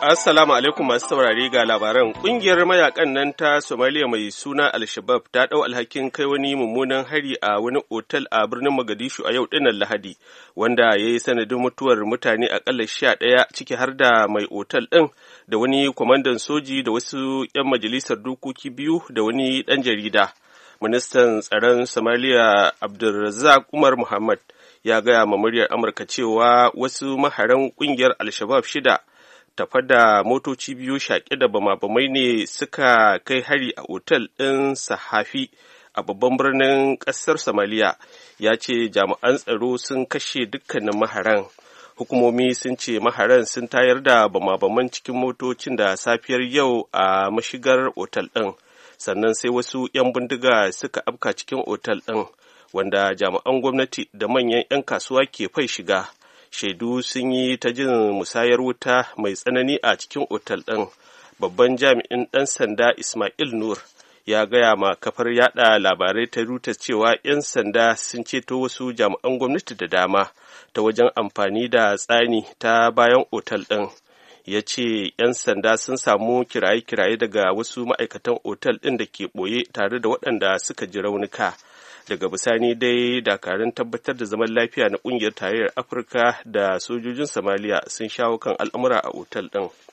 Assalamu alaikum masu saurari ga labaran kungiyar mayakan nan ta Somalia mai suna Al-Shabab ta ɗau alhakin kai wani mummunan hari a wani otal a birnin Mogadishu a yau dinnan Lahadi wanda ya yi sanadin mutuwar mutane aƙalla sha ɗaya ciki har da mai otal ɗin da wani kwamandan soji da wasu 'yan majalisar dokoki biyu da wani ɗan jarida. Ministan tsaron Somalia Abdulrazak Umar Muhammad ya gaya ma muryar Amurka cewa wasu maharan kungiyar Al-Shabab shida tafa da motoci biyu shaƙe da bama-bamai ne suka kai hari a otal ɗin sahafi a babban birnin ƙasar somaliya ya ce jami'an tsaro sun kashe dukkanin maharan hukumomi sun ce maharan sun tayar da bama-baman cikin motocin da safiyar yau a mashigar otal ɗin sannan sai wasu 'yan bindiga suka afka cikin otal ɗin wanda jami'an gwamnati da manyan 'yan kasuwa ke fai shiga shaidu sun yi ta jin musayar wuta mai tsanani a cikin otal ɗin babban jami'in ɗan sanda ismail nur ya gaya ma kafar yada labarai ta ruta cewa 'yan sanda sun ceto wasu jami'an gwamnati da dama ta wajen amfani da tsani ta bayan otal ɗin ya ce 'yan sanda sun samu kiraye-kiraye daga wasu ma'aikatan otal ɗin da ke ɓoye tare da waɗanda suka ji raunuka daga bisani dai dakarun tabbatar da zaman lafiya na kungiyar tarayyar afirka da sojojin Somalia sun shawo kan al'amura a otal ɗin